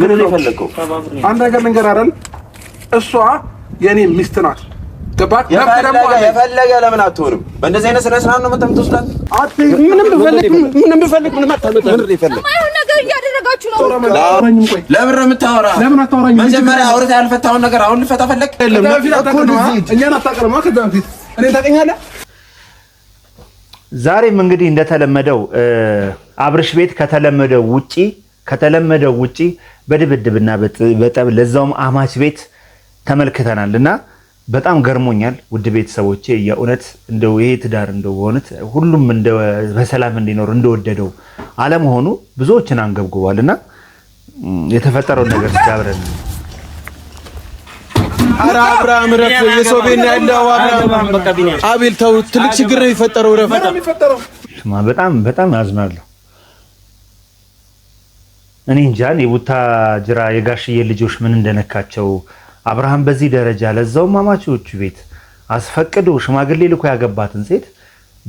ምን ነው የፈለከው? አንድ ነገር ልንገርህ አይደል? እሷ የኔ ሚስት ናት። ገባህ? የፈለገ ለምን አትሆንም? በእንደዚህ አይነት ስነ ስርዓት ነው መተም ትወስዳት። ምንም ብፈልግ ምንም አታመጣም። ምን ይፈልግ ለምን ነው የምታወራ? ለምን አታወራኝ? መጀመሪያ አውርተህ ያልፈታውን ነገር አሁን ልፈታ ፈለግ? እኛን አታውቅም። ከዛ በፊት እኔ ታውቀኛለህ። ዛሬም እንግዲህ እንደተለመደው አብርሽ ቤት ከተለመደው ውጪ ከተለመደው ውጪ በድብድብና በጠብ ለዛውም አማች ቤት ተመልክተናል እና በጣም ገርሞኛል። ውድ ቤተሰቦቼ የእውነት እንደው ይሄ ትዳር እንደው በእውነት ሁሉም በሰላም እንዲኖር እንደወደደው አለመሆኑ ብዙዎችን አንገብግቧል እና የተፈጠረውን ነገር ስጋብረን አረ አብርሃም ረፍ የሰው ቤት ነው ያለው። አብርሃም አቤል ተው፣ ትልቅ ችግር ነው የፈጠረው። ረፍ በጣም በጣም አዝናለሁ። እኔ እንጃን የቡታ ጅራ የጋሽዬ ልጆች ምን እንደነካቸው አብርሃም በዚህ ደረጃ ለዛውም ማማቾቹ ቤት አስፈቅዶ ሽማግሌ ልኮ ያገባትን ሴት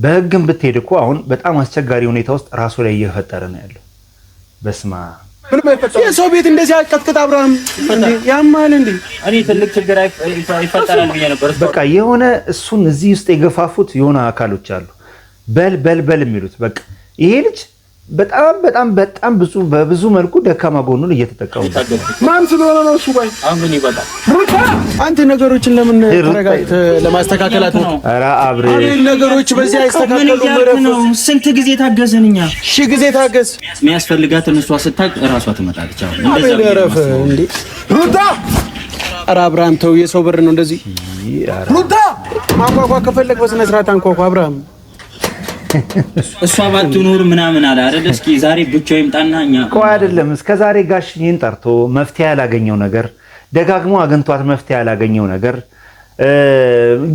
በህግም ብትሄድ እኮ አሁን በጣም አስቸጋሪ ሁኔታ ውስጥ ራሱ ላይ እየፈጠረ ነው ያለው። በስማ የሰው ቤት እንደዚህ አቀጥቅጥ አብርሃም ያማል እንዴ? እኔ ትልቅ ችግር ይፈጠራል ብዬ ነበር። በቃ የሆነ እሱን እዚህ ውስጥ የገፋፉት የሆነ አካሎች አሉ። በል በል በል የሚሉት በቃ ይሄ ልጅ በጣም በጣም በጣም ብዙ በብዙ መልኩ ደካማ ጎኑን እየተጠቀሙ ማን ስለሆነ ነው እሱ ባይ አምን ይበጣል። አንተ ነገሮችን ለምን ተረጋግተ ለማስተካከላት ነው? ኧረ አብሬ ነገሮች በዚህ አይስተካከሉ ነው። ስንት ጊዜ ታገዘንኛ? ሺ ጊዜ ታገዝ። የሚያስፈልጋትን እሷ ስታቅ እራሷ ትመጣለች። አሁን ረፍ እንዴ ሩታ ኧረ አብርሃም ተው፣ የሰው ብር ነው እንደዚህ። ሩታ ማንኳኳ ከፈለግ በስነ ስርዓት አንኳኳ አብርሃም እሷ ባትኖር ምናምን አለ አይደል? እስኪ ዛሬ ብቻ ይምጣና እኛ ቆይ፣ አይደለም እስከ ዛሬ ጋሽ እኔን ጠርቶ መፍትሄ ያላገኘው ነገር ደጋግሞ አግኝቷት መፍትሄ ያላገኘው ነገር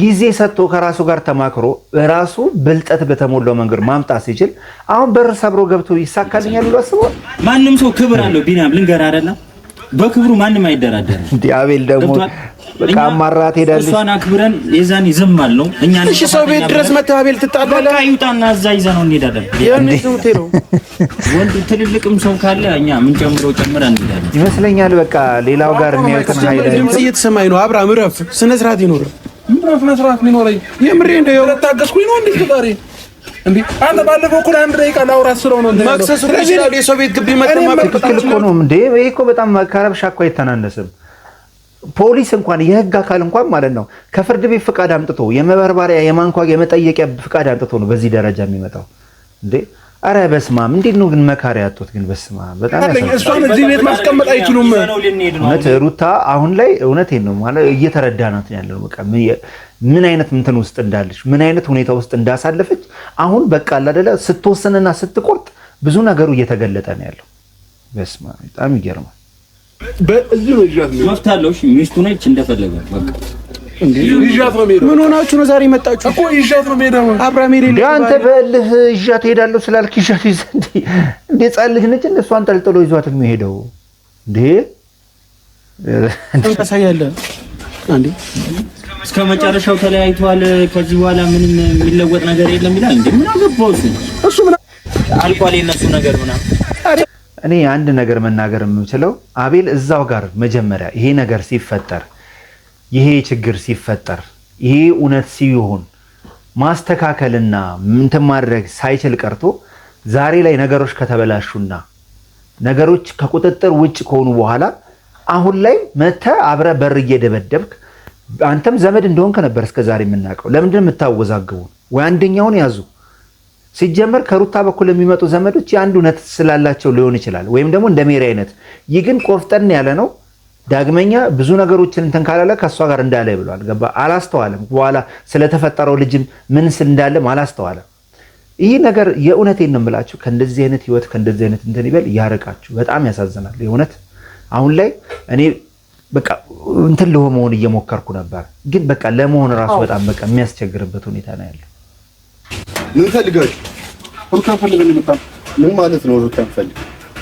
ጊዜ ሰጥቶ ከራሱ ጋር ተማክሮ ራሱ ብልጠት በተሞላው መንገድ ማምጣት ሲችል አሁን በር ሰብሮ ገብቶ ይሳካልኛል ብሎ አስቦ ማንም ሰው ክብር አለው ቢናም ልንገር አይደለም በክብሩ ማንም አይደራደርም። አቤል ደግሞ በቃ አማራት ሄዳለች። እሷን አክብረን የዛን ይዘማል ነው እኛ እሺ፣ ሰው ቤት ድረስ መተህ አቤል ትጣላለህ። በቃ ይውጣና እዛ ይዘ ነው እንሄዳለን። ወንድ ትልልቅም ሰው ካለ እኛ ምን ጨምሮ ጨምረን እንሄዳለን ይመስለኛል። በቃ ሌላው ጋር የሚያውቅን ኃይል ድምጽ እየተሰማኝ ነው። አብራ ምረፍ፣ ስነ ስርዓት ይኖር ምረፍ፣ ስነ ስርዓት ይኖረኝ። የምሬ እንደው ታገስኩኝ ነው እንዴ ዛሬ አንተ ባለፈው እኮ ደቂቃ ላውራት ስለው ነው የሰው ቤት ግቢ እኮ ነው እንዴ ይሄ እኮ በጣም ከረብሻ እኮ አይተናነስም ፖሊስ እንኳን የህግ አካል እንኳን ማለት ነው ከፍርድ ቤት ፍቃድ አምጥቶ የመበርባሪያ የማንኳግ የመጠየቂያ ፍቃድ አምጥቶ ነው በዚህ ደረጃ የሚመጣው እንዴ አረ በስማም እንዴት ነው ግን መካሪ ያጡት ግን በስማ አብ በጣም እሷን እዚህ ቤት ማስቀመጥ አይችሉም። እውነት ሩታ አሁን ላይ እውነቴን ነው ማለት እየተረዳናት ያለው በቃ ምን አይነት እንትን ውስጥ እንዳለች ምን አይነት ሁኔታ ውስጥ እንዳሳለፈች አሁን በቃ አላደለ ስትወሰንና ስትቆርጥ ብዙ ነገሩ እየተገለጠ ነው ያለው። በስማ በጣም ይገርማል። በዚህ ነው ይያዝ ነው መፍታለሽ ሚስቱ ነች እንደፈለገ በቃ ምን ሆናችሁ ነው ዛሬ መጣችሁ? እኮ ይዣት ነው የምሄደው። አንተ በእልህ ይዣት እሄዳለሁ ስላልክ ይዣት ይዘህ እንደ ሕፃን ልጅ ነች እንደ እሷን ይዟት የሚሄደው እንዴ? ታሳያለህ እንዴ? እስከ መጨረሻው ከዚህ በኋላ ምንም የሚለወጥ ነገር የለም ይላል። እንዴ ምን አገባው እሱ ምን አልቋል የነሱ ነገር ምናምን። እኔ አንድ ነገር መናገር የምችለው አቤል እዛው ጋር መጀመሪያ ይሄ ነገር ሲፈጠር ይሄ ችግር ሲፈጠር ይሄ እውነት ሲሆን ማስተካከልና እንትን ማድረግ ሳይችል ቀርቶ ዛሬ ላይ ነገሮች ከተበላሹና ነገሮች ከቁጥጥር ውጭ ከሆኑ በኋላ አሁን ላይ መተ አብረ በር እየደበደብክ አንተም ዘመድ እንደሆንክ ነበር እስከ ዛሬ የምናውቀው። ለምንድን የምታወዛግቡን? ወይ አንደኛውን ያዙ። ሲጀመር ከሩታ በኩል የሚመጡ ዘመዶች የአንድ እውነት ስላላቸው ሊሆን ይችላል፣ ወይም ደግሞ እንደ ሜሪ አይነት። ይህ ግን ቆፍጠን ያለ ነው። ዳግመኛ ብዙ ነገሮችን እንትን ካላለ ከእሷ ጋር እንዳለ ብሏል። ገባ አላስተዋለም። በኋላ ስለተፈጠረው ልጅም ምን ስል እንዳለም አላስተዋለም። ይህ ነገር የእውነቴን ነው የምላችሁ። ከእንደዚህ አይነት ህይወት ከእንደዚህ አይነት እንትን ይበል ያርቃችሁ። በጣም ያሳዝናል። የእውነት አሁን ላይ እኔ በቃ እንትን ለሆ መሆን እየሞከርኩ ነበር፣ ግን በቃ ለመሆን እራሱ በጣም በቃ የሚያስቸግርበት ሁኔታ ነው ያለው። ምን ፈልጋችሁ? ሩታ ፈልገን ይመጣል ምን ማለት ነው? ሩታ ፈልግ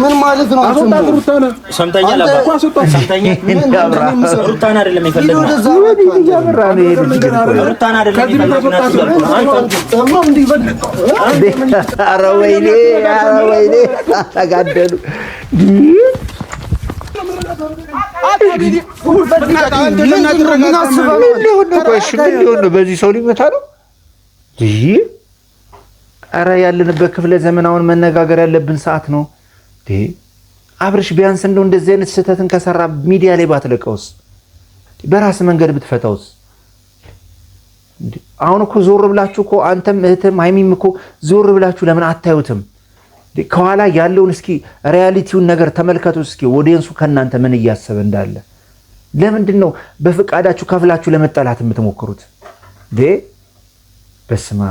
ምን ማለት ነው? አስወጣት ሩታና ሰምተኛል። አባ አስወጣት ሰምተኛ ሩታና አይደለም ኧረ ወይኔ ኧረ ወይኔ በዚህ ሰው ሊመታ ነው? ኧረ ያለንበት ክፍለ ዘመን አሁን መነጋገር ያለብን ሰዓት ነው። አብርሽ ቢያንስ እንደው እንደዚህ አይነት ስህተትን ከሰራ ሚዲያ ላይ ባትለቀውስ? በራስ መንገድ ብትፈታውስ? አሁን እኮ ዞር ብላችሁ እኮ አንተም እህትም ሀይሚም እኮ ዞር ብላችሁ ለምን አታዩትም? ከኋላ ያለውን እስኪ ሪያሊቲውን ነገር ተመልከቱ እስኪ ወዲንሱ ከእናንተ ምን እያሰበ እንዳለ። ለምንድን ነው በፍቃዳችሁ ከፍላችሁ ለመጠላት የምትሞክሩት? በስማ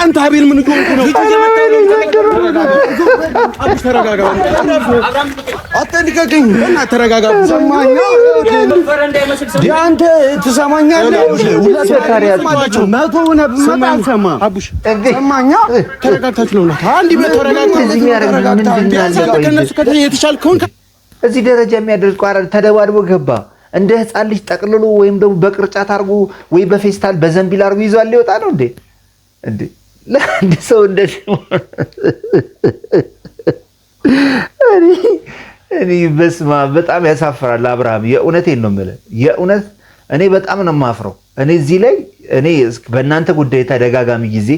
አንተ አቤል ምን ሆንኩ ነው? አትልቀቀኝ እና ተረጋጋ። ሰማኛ አንተ ትሰማኛለህ? መቶ ሆነ ሰማኛ ተረጋግታችሁ ነው አንድ እዚህ ደረጃ የሚያደርስ ተደባድቦ ገባ እንደ ሕፃን ልጅ ጠቅልሎ ወይም ደግሞ በቅርጫት አድርጎ ወይ በፌስታል በዘንቢል አድርጎ ይዟል ሊወጣ ነው እንዴ? ለአንድ ሰው እንደዚህ እኔ በስማ በጣም ያሳፍራል። አብርሃም የእውነቴን ነው የምልህ፣ የእውነት እኔ በጣም ነው የማፍረው። እኔ እዚህ ላይ እኔ በእናንተ ጉዳይ ተደጋጋሚ ጊዜ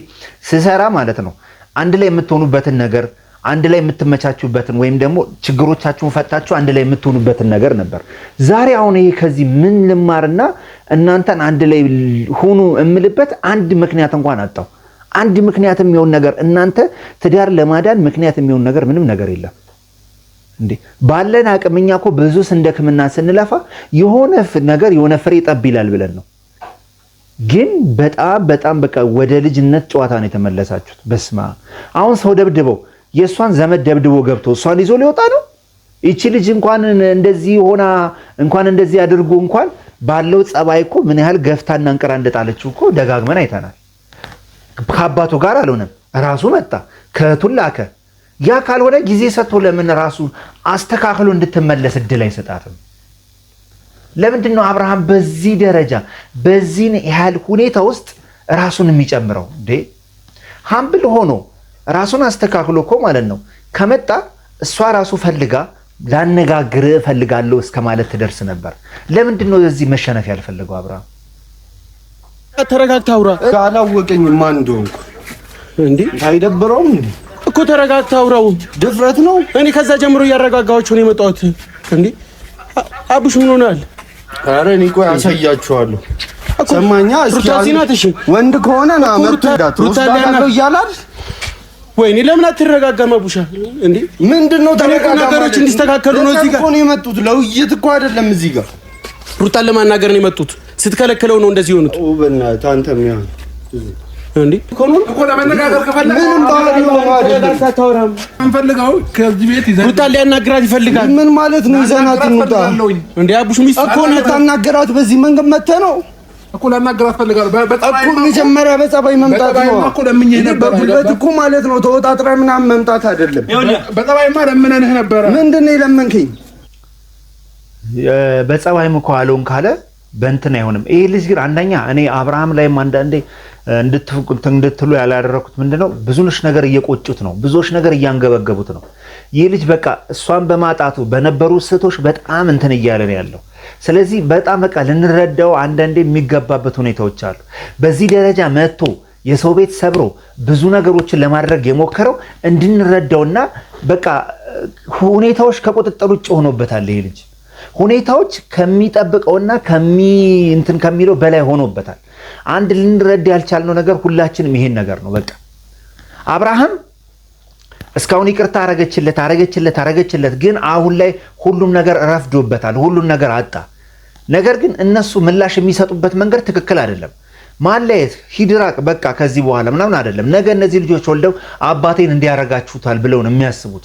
ስሰራ ማለት ነው አንድ ላይ የምትሆኑበትን ነገር አንድ ላይ የምትመቻቹበትን ወይም ደግሞ ችግሮቻችሁን ፈታችሁ አንድ ላይ የምትሆኑበትን ነገር ነበር። ዛሬ አሁን ይሄ ከዚህ ምን ልማርና እናንተን አንድ ላይ ሁኑ የምልበት አንድ ምክንያት እንኳን አጣው። አንድ ምክንያት የሚሆን ነገር እናንተ ትዳር ለማዳን ምክንያት የሚሆን ነገር ምንም ነገር የለም። እንዴ ባለን አቅም እኛ እኮ ብዙ ስንደክምና ስንለፋ የሆነ ነገር የሆነ ፍሬ ጠብ ይላል ብለን ነው። ግን በጣም በጣም በቃ ወደ ልጅነት ጨዋታ ነው የተመለሳችሁት። በስማ አሁን ሰው ደብድበው የእሷን ዘመድ ደብድቦ ገብቶ እሷን ይዞ ሊወጣ ነው። ይቺ ልጅ እንኳን እንደዚህ ሆና እንኳን እንደዚህ አድርጎ እንኳን ባለው ጸባይ እኮ ምን ያህል ገፍታና እንቅራ እንደጣለችው እኮ ደጋግመን አይተናል። ከአባቱ ጋር አልሆነም። ራሱ መጣ፣ ከእህቱን ላከ። ያ ካልሆነ ጊዜ ሰጥቶ ለምን ራሱ አስተካክሎ እንድትመለስ እድል አይሰጣትም? ለምንድን ነው አብርሃም በዚህ ደረጃ በዚህን ያህል ሁኔታ ውስጥ ራሱን የሚጨምረው? እንዴ ሀምብል ሆኖ ራሱን አስተካክሎ እኮ ማለት ነው ከመጣ እሷ ራሱ ፈልጋ ላነጋግር እፈልጋለሁ እስከ ማለት ትደርስ ነበር። ለምንድን ነው እዚህ መሸነፍ ያልፈለገው አብርሃም? ተረጋግተህ አውራ። አላወቀኝ ማን እንደሆንኩ እንዴ? አይደብረውም እኮ ተረጋግተህ አውራው። ድፍረት ነው። እኔ ከዛ ጀምሮ እያረጋጋኋቸው ነው የመጣሁት። እንዴ አቡሽ ምን ሆናል? አረ እኔ ቆይ አሳያችኋለሁ። ሰማኛ እስኪ ወንድ ከሆነ ና መጥቶ ዳቱ ስታዳለው እያላል ወይኔ ለምን አትረጋጋም? አቡሻ እንዴ ምንድነው? ተረጋጋ። ነገሮች እንዲስተካከሉ ነው እዚህ ጋር እኮ ነው የመጡት። ለውይይት እኮ አይደለም እዚህ ጋር ሩታን ለማናገር ነው የመጡት። ስትከለክለው ነው እንደዚህ የሆኑት። ሩታን ሊያናግራት ይፈልጋል። ምን ማለት ነው? ይዘናት እንውጣ እንዴ? አቡሽ ሚስት እኮ ልታናግራት በዚህ መንገድ መተህ ነው እኮ ላናግራት እፈልጋለሁ እኮ መጀመሪያ በጸባይ መምጣት ነው እኮ ለምኜ ነበር። በጉልበት እኮ ማለት ነው ተወጣጥረህ ምናምን መምጣት አይደለም። በጸባይማ ለምነንህ ነበረ። ምንድን ነው የለመንከኝ? በጸባይም እኮ አለውን ካለ በእንትን አይሆንም። ይሄ ልጅ ግን አንደኛ እኔ አብርሃም ላይም አንዳንዴ እንድትሉ ያላደረኩት ምንድነው ብዙዎች ነገር እየቆጩት ነው፣ ብዙዎች ነገር እያንገበገቡት ነው። ይህ ልጅ በቃ እሷን በማጣቱ በነበሩ ስህቶች በጣም እንትን እያለ ነው ያለው። ስለዚህ በጣም በቃ ልንረዳው አንዳንዴ የሚገባበት ሁኔታዎች አሉ። በዚህ ደረጃ መጥቶ የሰው ቤት ሰብሮ ብዙ ነገሮችን ለማድረግ የሞከረው እንድንረዳውና በቃ ሁኔታዎች ከቁጥጥር ውጭ ሆኖበታል ይሄ ልጅ ሁኔታዎች ከሚጠብቀውና ከሚ እንትን ከሚለው በላይ ሆኖበታል። አንድ ልንረድ ያልቻልነው ነገር ሁላችንም ይሄን ነገር ነው። በቃ አብርሃም እስካሁን ይቅርታ አረገችለት አረገችለት አረገችለት፣ ግን አሁን ላይ ሁሉም ነገር ረፍዶበታል። ሁሉም ነገር አጣ። ነገር ግን እነሱ ምላሽ የሚሰጡበት መንገድ ትክክል አይደለም። ማለየት ሂድራቅ በቃ ከዚህ በኋላ ምናምን አይደለም። ነገ እነዚህ ልጆች ወልደው አባቴን እንዲያረጋችሁታል ብለው ነው የሚያስቡት።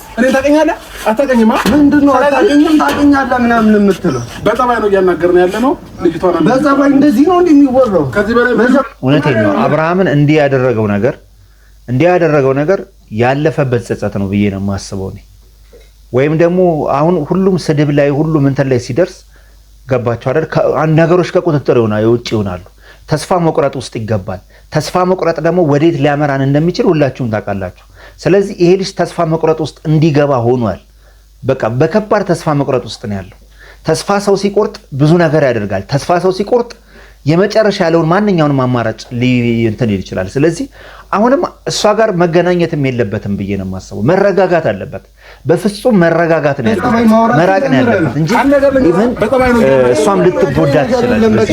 እኔ ታውቀኛለህ አታውቀኝማ? ምንድን ነው አታውቀኝም ታውቀኛለህ ምናምን የምትለው በጸባይ ነው እያናገርን ያለ ነው። ልጅቷን በጸባይ እንደዚህ ነው እንደሚወራው ከዚህ በላይ እውነቴን ነው። አብርሃምን እንዲህ ያደረገው ነገር እንዲህ ያደረገው ነገር ያለፈበት ጸጸት ነው ብዬ ነው የማስበው እኔ። ወይም ደግሞ አሁን ሁሉም ስድብ ላይ ሁሉም እንትን ላይ ሲደርስ ገባቸው አይደል? ነገሮች ከቁጥጥር የውጭ ይሆናሉ። ተስፋ መቁረጥ ውስጥ ይገባል። ተስፋ መቁረጥ ደግሞ ወዴት ሊያመራን እንደሚችል ሁላችሁም ታውቃላችሁ። ስለዚህ ይሄ ልጅ ተስፋ መቁረጥ ውስጥ እንዲገባ ሆኗል። በቃ በከባድ ተስፋ መቁረጥ ውስጥ ነው ያለው። ተስፋ ሰው ሲቆርጥ ብዙ ነገር ያደርጋል። ተስፋ ሰው ሲቆርጥ የመጨረሻ ያለውን ማንኛውንም አማራጭ እንትን ይችላል። ስለዚህ አሁንም እሷ ጋር መገናኘትም የለበትም ብዬ ነው የማስበው። መረጋጋት አለበት። በፍጹም መረጋጋት ነው ያለበት፣ መራቅ ነው ያለበት እንጂ ኢቭን እሷም ልትጎዳ ትችላለች።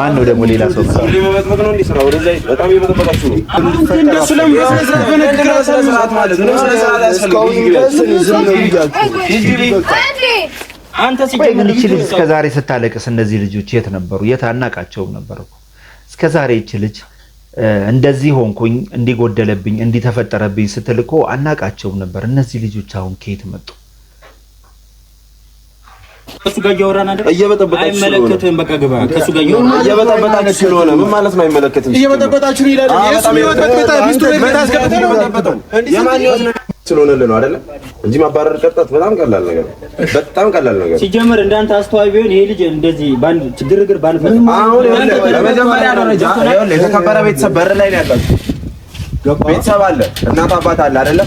ማን ነው ደግሞ ሌላ ሰው ነው አንተ ሲጀምር ይቺ ልጅ እስከ ዛሬ ስታለቅስ እነዚህ ልጆች የት ነበሩ? የት አናቃቸውም ነበር እኮ እስከ ዛሬ ይቺ ልጅ እንደዚህ ሆንኩኝ፣ እንዲጎደለብኝ፣ እንዲተፈጠረብኝ ስትል እኮ አናቃቸውም ነበር። እነዚህ ልጆች አሁን ከየት መጡ? ከሱ ጋር እያወራን አይደል? እየበጠበጣችሁ አይመለከትህም። በቃ ግባ። ከሱ ጋር እየበጠበጣችሁ ስለሆነ ምን ማለት ነው? አይመለከትህም። እየበጠበጣችሁ ነው ይላል። ሚስቱ ላይ ነው የማን ነው ነው አይደለ? እንጂ ማባረር ቀጣት በጣም ቀላል ነገር፣ በጣም ቀላል ነገር። እንዳንተ አስተዋይ ቢሆን ይሄ ልጅ እንደዚህ ባንድ አሁን ለመጀመሪያ ደረጃ የተከበረ ቤተሰብ በር ላይ ነው ቤተሰብ አለ፣ እናት አባት አለ አይደለ?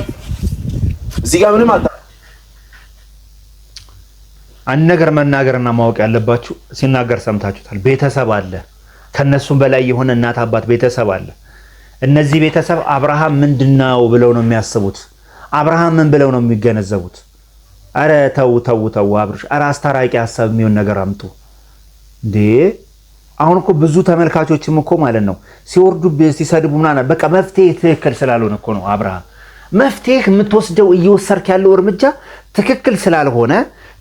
እዚህ ጋር ምንም አ አንድ ነገር መናገርና ማወቅ ያለባችሁ ሲናገር ሰምታችሁታል። ቤተሰብ አለ፣ ከነሱም በላይ የሆነ እናት አባት ቤተሰብ አለ። እነዚህ ቤተሰብ አብርሃም ምንድነው ብለው ነው የሚያስቡት? አብርሃም ምን ብለው ነው የሚገነዘቡት? አረ ተው ተው ተው አብርሽ፣ አረ አስታራቂ ሀሳብ የሚሆን ነገር አምጡ እንዴ! አሁን እኮ ብዙ ተመልካቾችም እኮ ማለት ነው ሲወርዱ ሲሰድቡ ምናምን በቃ መፍትሄ ትክክል ስላልሆነ እኮ ነው አብርሃም መፍትሄ የምትወስደው እየወሰድክ ያለው እርምጃ ትክክል ስላልሆነ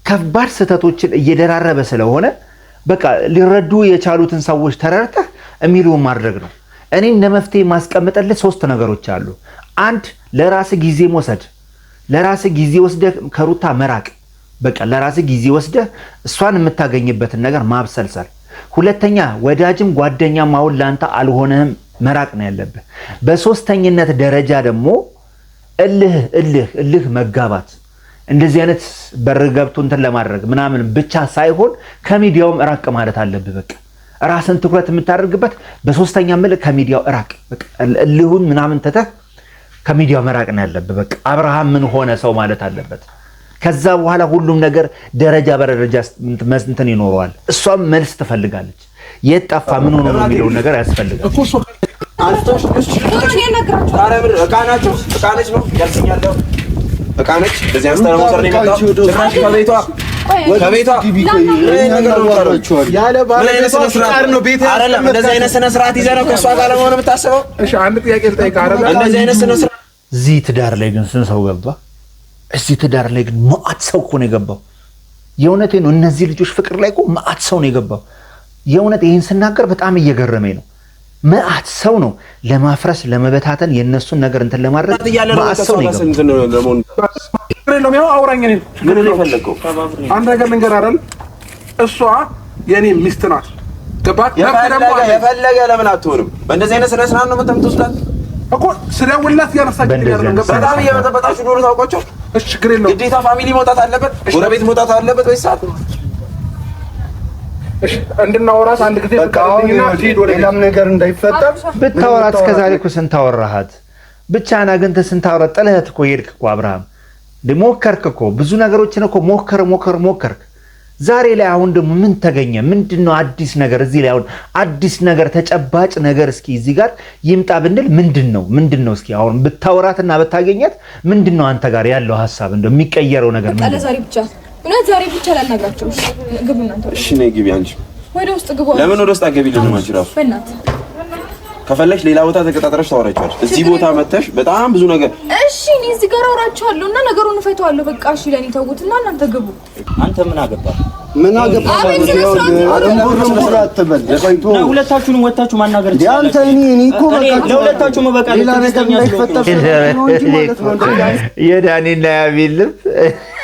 ከባድ ስህተቶችን እየደራረበ ስለሆነ በቃ ሊረዱ የቻሉትን ሰዎች ተረድተህ የሚሉ ማድረግ ነው። እኔ እንደ መፍትሄ ማስቀምጠልህ ሶስት ነገሮች አሉ። አንድ ለራስ ጊዜ መውሰድ፣ ለራስ ጊዜ ወስደህ ከሩታ መራቅ። በቃ ለራስ ጊዜ ወስደህ እሷን የምታገኝበትን ነገር ማብሰልሰል። ሁለተኛ ወዳጅም ጓደኛም አሁን ለአንተ አልሆነህም፣ መራቅ ነው ያለብህ። በሶስተኝነት ደረጃ ደግሞ እልህ እልህ እልህ መጋባት እንደዚህ አይነት በር ገብቶ እንትን ለማድረግ ምናምን ብቻ ሳይሆን ከሚዲያውም ራቅ ማለት አለብህ። በቃ ራስን ትኩረት የምታደርግበት በሶስተኛ ምል ከሚዲያው ራቅ። እልሁን ምናምን ትተህ ከሚዲያው መራቅ ነው ያለብህ። በቃ አብርሃም ምን ሆነ ሰው ማለት አለበት። ከዛ በኋላ ሁሉም ነገር ደረጃ በደረጃ እንትን ይኖረዋል። እሷም መልስ ትፈልጋለች። የት ጠፋ፣ ምን ሆኖ ነው የሚለውን ነገር ያስፈልጋል። ናቸው ነው ያልኛለው እቃ ነች። በዚህ ነው የመጣው። ጭራሽ ከቤቷ ከቤቷ እንደዚህ አይነት ስነ ስርዓት እዚህ ትዳር ላይ ግን ስንት ሰው ገባ? እዚህ ትዳር ላይ ግን መዓት ሰው እኮ ነው የገባው። የእውነቴ ነው። እነዚህ ልጆች ፍቅር ላይ እኮ መዓት ሰው ነው የገባው። የእውነት ይህን ስናገር በጣም እየገረመኝ ነው። መዓት ሰው ነው ለማፍረስ ለመበታተን የእነሱን ነገር እንትን ለማድረግ መዓት ሰው ነው። አውራኝ አንድ ነገር ልንገር አይደል? እሷ የኔ ሚስት ናት። የፈለገ ለምን አትሆንም? በእንደዚህ አይነት ስነ ስርዓት ነው የምትወስዳት እኮ ስደውልላት እያነሳች በጣም እየበጠበጣችሁ ዶሮ ታውቋቸው። ችግር የለውም ግዴታ ፋሚሊ መውጣት አለበት፣ ጎረቤት መውጣት አለበት። በዚህ ሰዓት እንድናወራት አንድ ጊዜ ሌላም ነገር እንዳይፈጠር ብታወራት። እስከዛሬ እኮ ስንት አወራሃት? ብቻህን አግኝተህ ስንት አወራት? ጥለህት እኮ ሄድክ እኮ አብርሃም። ሞከርክ እኮ ብዙ ነገሮችን እኮ ሞከር ሞከር ሞከርክ። ዛሬ ላይ አሁን ደግሞ ምን ተገኘ? ምንድን ነው አዲስ ነገር እዚህ ላይ? አሁን አዲስ ነገር ተጨባጭ ነገር እስኪ እዚህ ጋር ይምጣ ብንል ምንድን ነው ምንድን ነው? እስኪ አሁን ብታወራትና ብታገኘት ምንድን ነው አንተ ጋር ያለው ሀሳብ እንደው የሚቀየረው ነገር እውነት ዛሬ ብቻ ላናግራቸው። ግቡ እናንተ። እሺ ነይ ግቢ አንቺ። ወደ ውስጥ ግቡ። ለምን ወደ ውስጥ አንቺ በእናትህ ከፈለሽ ሌላ ቦታ ተቀጣጥረሽ ታወራቸዋለሽ። እዚህ ቦታ መተሽ በጣም ብዙ ነገር እሺ፣ እኔ እዚህ ጋር አወራቸዋለሁ እና ነገሩን እፈተዋለሁ። በቃ እሺ፣ ለኔ ተውት እና እናንተ ግቡ። አንተ ምን አገባ ምን አገባ? ሁለታችሁንም ወታችሁ ማናገር ለሁለታችሁ መበቃ የዳኒና ያቢልም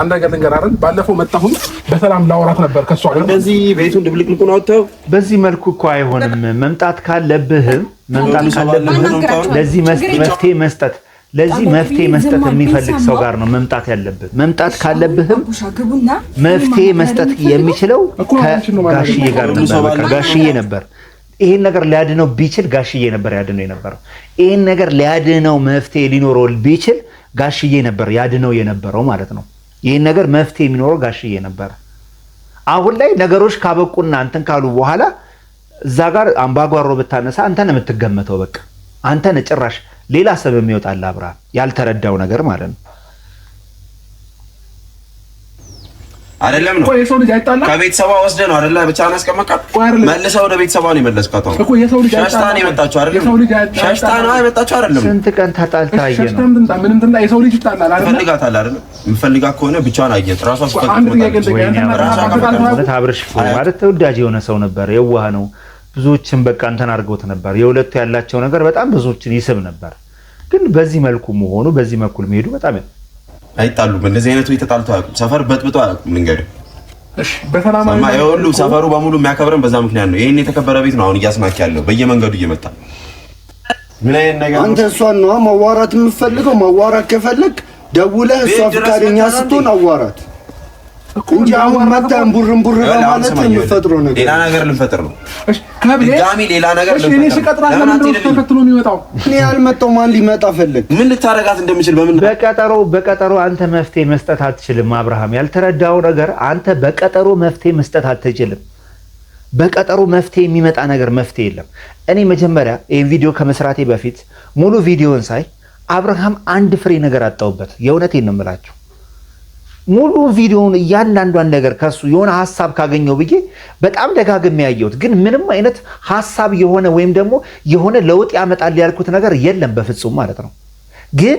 አንድ ነገር ልንገር አይደል? ባለፈው መጣሁን በሰላም ላወራት ነበር ከሱ ጋር። በዚህ ቤቱን ድብልቅልቁን አውጥተው በዚህ መልኩ እኮ አይሆንም። መምጣት ካለብህም መምጣት ካለብህም ለዚህ መፍትሄ መስጠት ለዚህ መፍትሄ መስጠት የሚፈልግ ሰው ጋር ነው መምጣት ያለብህ። መምጣት ካለብህም መፍትሄ መስጠት የሚችለው ከጋሽዬ ጋር ነበር። ጋሽዬ ነበር ይሄን ነገር ሊያድነው ቢችል ጋሽዬ ነበር ያድነው የነበረው። ይሄን ነገር ሊያድነው መፍትሄ ሊኖረው ቢችል ጋሽዬ ነበር ያድነው የነበረው ማለት ነው። ይህን ነገር መፍትሄ የሚኖረው ጋሽዬ ነበረ። አሁን ላይ ነገሮች ካበቁና አንተን ካሉ በኋላ እዛ ጋር አምባጓሮ ብታነሳ ነው የምትገመተው በቃ አንተን ጭራሽ ሌላ ሰብ የሚወጣል አብርሃም ያልተረዳው ነገር ማለት ነው። አይደለም ነው የሰው ልጅ አይጣላ። ከቤተሰቧ ወስደህ ነው አይደለ? ብቻ ብቻህን አስቀመጣት። መልሰህ ወደ ቤተሰቧ ነው የመለስካት። አሁን እኮ የሰው ልጅ ሸሽታ ነው የመጣችው አይደለም? ሸሽታ ነው የመጣችው አይደለም? ስንት ቀን ታጣልታ አየህ ነው። ሸሽታም ትምጣ ምንም ትምጣ የሰው ልጅ ይጣላል አይደለም? ፈልጋታል አይደለ? የምፈልጋት ከሆነ ብቻዋን አየህ እራሷ ስትፈልግ። አብርሽ ማለት ተወዳጅ የሆነ ሰው ነበር፣ የዋህ ነው። ብዙዎችን በቃ እንትን አድርገውት ነበር። የሁለቱ ያላቸው ነገር በጣም ብዙዎችን ይስብ ነበር። ግን በዚህ መልኩ መሆኑ በዚህ መልኩ መሄዱ በጣም አይጣሉም። እንደዚህ አይነቱ የተጣልቶ አያውቁም። ሰፈር በጥብጦ አያውቁም። ልንገርህ ሁሉ ሰፈሩ በሙሉ የሚያከብረን በዛ ምክንያት ነው። ይህን የተከበረ ቤት ነው አሁን እያስማክ ያለው በየመንገዱ እየመጣ አንተ እሷን ነው ማዋራት የምፈልገው። ማዋራት ከፈለግ ደውለህ እሷ ፈቃደኛ ስትሆን አዋራት እንጂ አሁን መጣን ቡርን ቡርን ማለት የምፈጥረው ነገር ሌላ ነገር ልንፈጥር ነው ድጋሚ ሌላ ነገር ተከትሎ የሚመጣው? እኔ ማን ሊመጣ ፈልግ ምን ልታረጋት እንደምችል በምን በቀጠሮ በቀጠሮ አንተ መፍትሄ መስጠት አትችልም። አብርሃም ያልተረዳው ነገር አንተ በቀጠሮ መፍትሄ መስጠት አትችልም። በቀጠሮ መፍትሄ የሚመጣ ነገር መፍትሄ የለም። እኔ መጀመሪያ ይህን ቪዲዮ ከመስራቴ በፊት ሙሉ ቪዲዮን ሳይ አብርሃም አንድ ፍሬ ነገር አጣውበት። የእውነቴን ነው የምላችሁ ሙሉ ቪዲዮውን እያንዳንዷን ነገር ከሱ የሆነ ሀሳብ ካገኘው ብዬ በጣም ደጋግሜ ያየሁት፣ ግን ምንም አይነት ሀሳብ የሆነ ወይም ደግሞ የሆነ ለውጥ ያመጣል ያልኩት ነገር የለም በፍጹም ማለት ነው ግን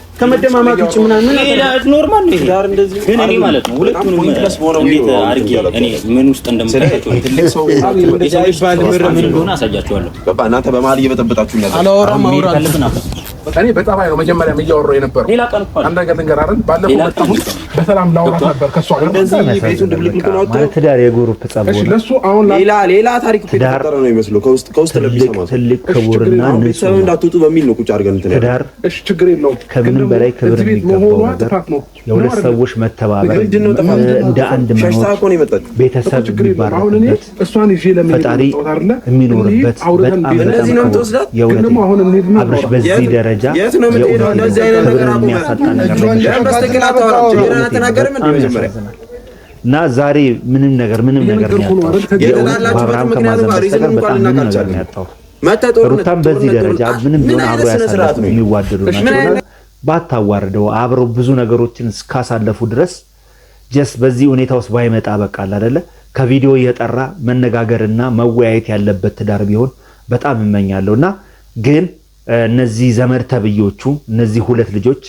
ከመደማማት ውጭ ምናምን ኖርማል ነው። ዳር እንደዚህ እኔ ማለት ነው እንዴት እኔ ምን ውስጥ እንደምታያቸው ምን እንደሆነ አሳያቸዋለሁ። እናንተ በመሀል እየበጠበጣችሁ በጣም ነው መጀመሪያ የነበረው ሌላ ቀን ባለፈው በሰላም ላውራት ነበር ከሷ ጋር ማለት ትዳር የጉሩፕ ጸቡ ለሱ አሁን ሌላ ሌላ ታሪክ የተፈጠረ ነው የሚመስለው ከውስጥ ከውስጥ ለሚሰማ ትልቅ ክቡርና ቤተሰብ እንዳትወጡ በሚል ነው ቁጭ አድርገን እንትን ትዳር እሺ፣ ችግር የለውም። ከምንም በላይ ክብር የሚገባው ነገር የሁለት ሰዎች መተባበር እንደ አንድ መኖር ቤተሰብ የሚባረክበት ፈጣሪ የሚኖርበት በጣም በጣም የእውነት አብርሽ በዚህ ደረጃ የእውነት ክብርን የሚያሳጣ ነገር ነው። አልተናገርም እንዴ መጀመሪያ እና ዛሬ ምንም ነገር ምንም ነገር የተጣላችሁበት ሩታም በዚህ ደረጃ ምንም ቢሆን አብሮ ያሳለፉ የሚዋደዱ ናቸው። ባታዋርደው አብረው ብዙ ነገሮችን እስካሳለፉ ድረስ ጀስ በዚህ ሁኔታ ውስጥ ባይመጣ በቃል አደለ ከቪዲዮ የጠራ መነጋገርና መወያየት ያለበት ትዳር ቢሆን በጣም እመኛለሁ እና ግን እነዚህ ዘመድ ተብዮቹ እነዚህ ሁለት ልጆች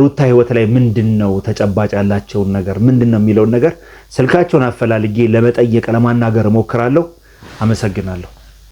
ሩታ ህይወት ላይ ምንድን ነው ተጨባጭ ያላቸውን ነገር ምንድን ነው የሚለውን ነገር ስልካቸውን አፈላልጌ ለመጠየቅ ለማናገር እሞክራለሁ። አመሰግናለሁ።